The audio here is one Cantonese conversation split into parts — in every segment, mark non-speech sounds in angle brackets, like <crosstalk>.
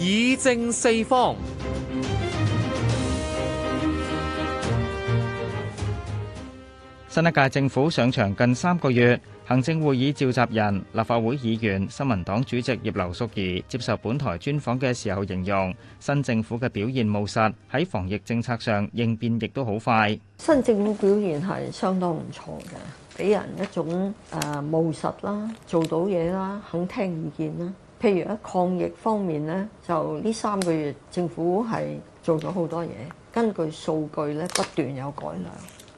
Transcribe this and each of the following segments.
議政四方。新一屆政府上場近三個月，行政會議召集人、立法會議員、新民黨主席葉劉淑儀接受本台專訪嘅時候，形容新政府嘅表現務實，喺防疫政策上應變亦都好快。新政府表現係相當唔錯嘅，俾人一種誒、呃、務實啦，做到嘢啦，肯聽意見啦。譬如喺抗疫方面咧，就呢三個月政府係做咗好多嘢，根據數據咧不斷有改良。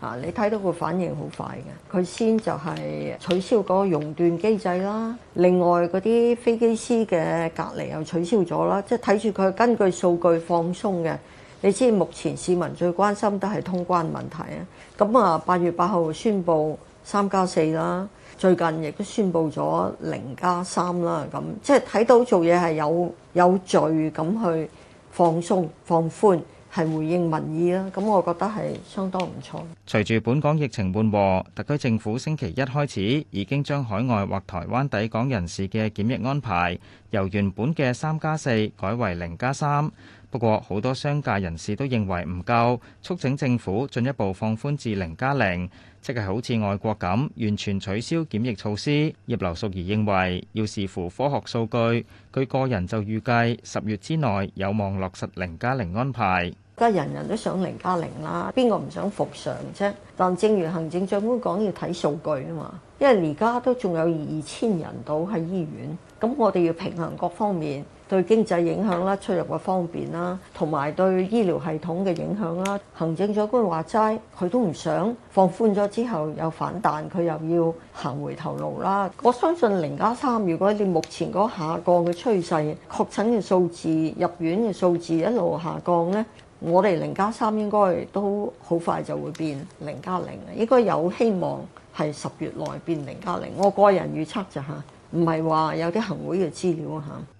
啊，你睇到佢反應好快嘅，佢先就係取消嗰個熔斷機制啦，另外嗰啲飛機師嘅隔離又取消咗啦，即係睇住佢根據數據放鬆嘅。你知目前市民最關心都係通關問題啊，咁啊八月八號宣布，三加四啦，最近亦都宣布咗零加三啦，咁即係睇到做嘢係有有序咁去放鬆放寬，係回應民意啦。咁我覺得係相當唔錯，隨住本港疫情緩和，特區政府星期一開始已經將海外或台灣抵港人士嘅檢疫安排由原本嘅三加四改為零加三。不過，好多商界人士都認為唔夠，促請政府進一步放寬至零加零，0, 即係好似外國咁，完全取消檢疫措施。葉劉淑儀認為要視乎科學數據，佢個人就預計十月之內有望落實零加零安排。而家人人都想零加零啦，邊個唔想復常啫？但正如行政長官講，要睇數據啊嘛，因為而家都仲有二千人到喺醫院，咁我哋要平衡各方面。對經濟影響啦、出入嘅方便啦，同埋對醫療系統嘅影響啦。行政長官話齋，佢都唔想放寬咗之後又反彈，佢又要行回頭路啦。我相信零加三，3, 如果你目前嗰下降嘅趨勢、確診嘅數字、入院嘅數字一路下降呢，我哋零加三應該都好快就會變零加零，0, 應該有希望係十月內變零加零。0, 我個人預測就嚇，唔係話有啲行會嘅資料嚇。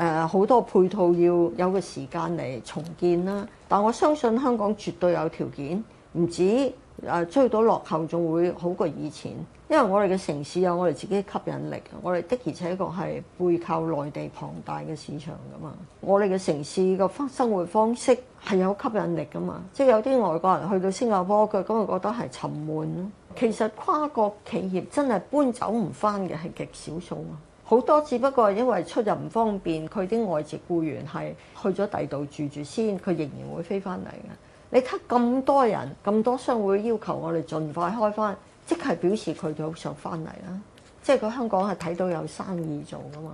誒好，呃、多配套要有個時間嚟重建啦，但我相信香港絕對有條件，唔止誒、呃、追到落後仲會好過以前，因為我哋嘅城市有我哋自己吸引力，我哋的而且確係背靠內地龐大嘅市場噶嘛，我哋嘅城市個生活方式係有吸引力噶嘛，即係有啲外國人去到新加坡，佢咁啊覺得係沉悶咯，其實跨國企業真係搬走唔翻嘅係極少數啊。好多，只不過因為出入唔方便，佢啲外籍僱員係去咗第度住住先，佢仍然會飛翻嚟嘅。你睇咁多人，咁多商會要求我哋盡快開翻，即係表示佢哋好想翻嚟啦。即係佢香港係睇到有生意做噶嘛。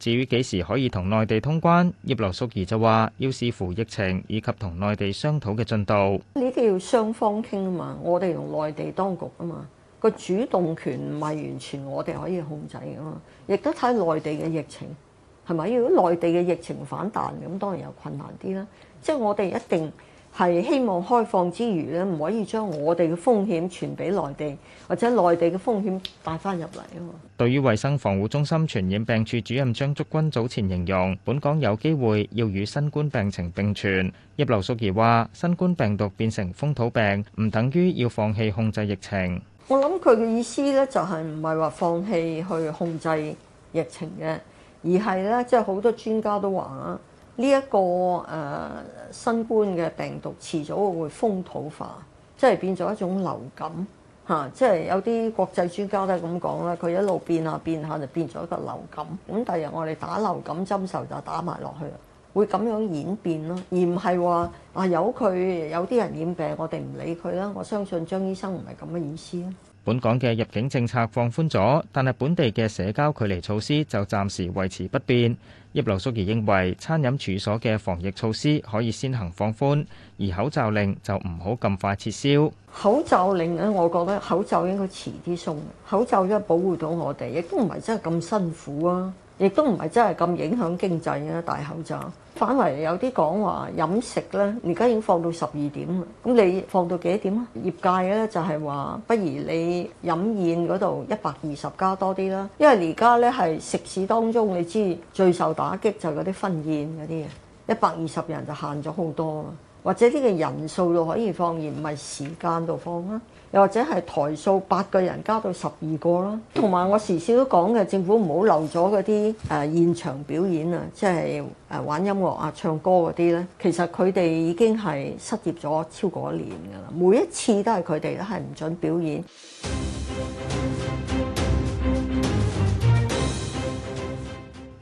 至於幾時可以同內地通關，葉劉淑儀就話要視乎疫情以及同內地商討嘅進度。呢啲要雙方傾啊嘛，我哋同內地當局啊嘛。個主動權唔係完全我哋可以控制噶嘛，亦都睇內地嘅疫情係咪？如果內地嘅疫情反彈咁，當然有困難啲啦。即係我哋一定係希望開放之餘咧，唔可以將我哋嘅風險傳俾內地，或者內地嘅風險帶翻入嚟啊。對於衞生防護中心傳染病處主任張竹君早前形容，本港有機會要與新冠病情並存。葉劉淑儀話，新冠病毒變成風土病，唔等於要放棄控制疫情。我諗佢嘅意思咧，就係唔係話放棄去控制疫情嘅，而係咧，即係好多專家都話啊，呢、這、一個誒、呃、新冠嘅病毒遲早會風土化，即係變咗一種流感嚇、啊，即係有啲國際專家都係咁講啦，佢一路變下變下，變下就變咗一個流感，咁第日我哋打流感針時候就打埋落去啦。會咁樣演變咯，而唔係話啊，由佢有啲人染病，我哋唔理佢啦。我相信張醫生唔係咁嘅意思啦。本港嘅入境政策放寬咗，但係本地嘅社交距離措施就暫時維持不變。葉劉淑儀認為餐飲處所嘅防疫措施可以先行放寬，而口罩令就唔好咁快撤銷。口罩令咧，我覺得口罩應該遲啲鬆。口罩咧，保護到我哋，亦都唔係真係咁辛苦啊，亦都唔係真係咁影響經濟啊。戴口罩反為有啲講話飲食咧，而家已經放到十二點啦，咁你放到幾多點啊？業界咧，就係話，不如你飲宴嗰度一百二十加多啲啦，因為而家咧係食肆當中，你知最受打。打擊就嗰啲婚宴嗰啲嘢，一百二十人就限咗好多，或者啲嘅人數都可以放，而唔係時間度放啦，又或者係台數八個人加到十二個啦。同埋我時時都講嘅，政府唔好留咗嗰啲誒現場表演啊，即係誒玩音樂啊、唱歌嗰啲咧，其實佢哋已經係失業咗超過一年噶啦，每一次都係佢哋都係唔准表演。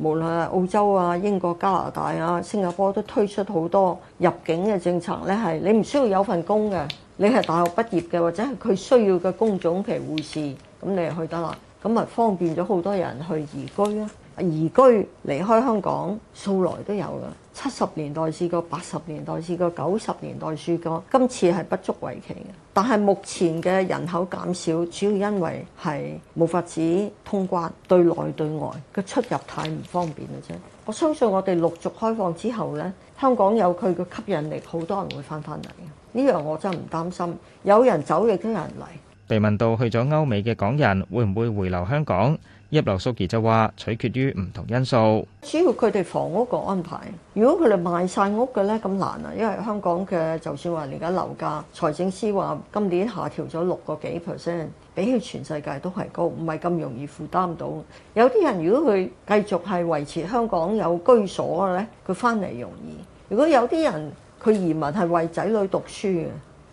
無論係澳洲啊、英國、加拿大啊、新加坡都推出好多入境嘅政策咧，係你唔需要有份工嘅，你係大學畢業嘅或者係佢需要嘅工種譬如護士，咁你就去得啦，咁咪方便咗好多人去移居咯。移居離開香港數來都有㗎，七十年代試過，八十年代試過，九十年代試過，今次係不足為奇嘅。但係目前嘅人口減少，主要因為係無法子通關，對內對外嘅出入太唔方便嘅啫。我相信我哋陸續開放之後呢，香港有佢嘅吸引力，好多人都會翻翻嚟。呢樣我真係唔擔心，有人走亦都有人嚟。被問到去咗歐美嘅港人會唔會回流香港？葉劉淑儀就話：取決於唔同因素，主 <music> 要佢哋房屋個安排。如果佢哋賣晒屋嘅咧，咁難啊！因為香港嘅，就算話而家樓價，財政司話今年下調咗六個幾 percent，比起全世界都係高，唔係咁容易負擔到。有啲人如果佢繼續係維持香港有居所嘅咧，佢翻嚟容易；如果有啲人佢移民係為仔女讀書嘅，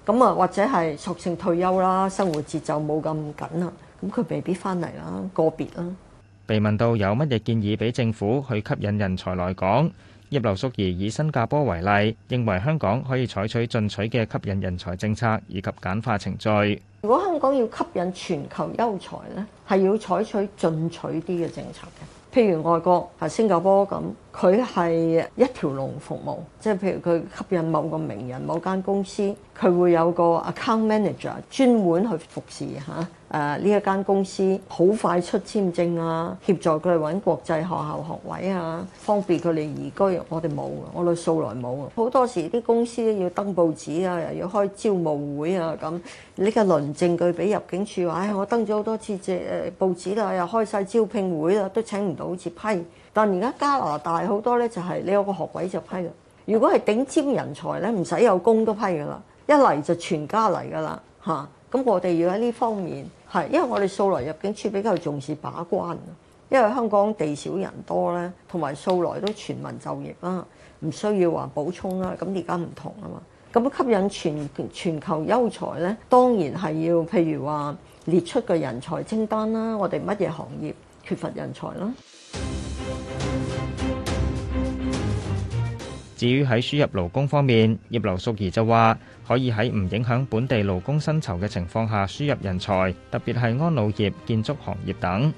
咁啊或者係索性退休啦，生活節奏冇咁緊啊。咁佢未必翻嚟啦，個別啦。被問到有乜嘢建議俾政府去吸引人才來港，葉劉淑儀以新加坡為例，認為香港可以採取進取嘅吸引人才政策以及簡化程序。如果香港要吸引全球優才呢，係要採取進取啲嘅政策嘅，譬如外國，係新加坡咁，佢係一條龍服務，即係譬如佢吸引某個名人、某間公司，佢會有個 account manager 專門去服侍嚇。誒呢、啊、一間公司好快出簽證啊，協助佢哋揾國際學校學位啊，方便佢哋移居。我哋冇，我哋素來冇啊。好多時啲公司要登報紙啊，又要開招募會啊，咁呢個論證據俾入境處話：唉、哎，我登咗好多次誒、呃、報紙啦，又開晒招聘會啦，都請唔到，好似批。但而家加拿大好多咧，就係、是、你有個學位就批啦。如果係頂尖人才咧，唔使有工都批噶啦，一嚟就全家嚟噶啦嚇。咁、啊、我哋要喺呢方面。係，因為我哋素來入境處比較重視把關，因為香港地少人多咧，同埋素來都全民就業啦，唔需要話補充啦。咁而家唔同啊嘛，咁吸引全全球優才咧，當然係要譬如話列出嘅人才清單啦，我哋乜嘢行業缺乏人才啦。至於喺輸入勞工方面，葉劉淑儀就話可以喺唔影響本地勞工薪酬嘅情況下輸入人才，特別係安老業、建築行業等。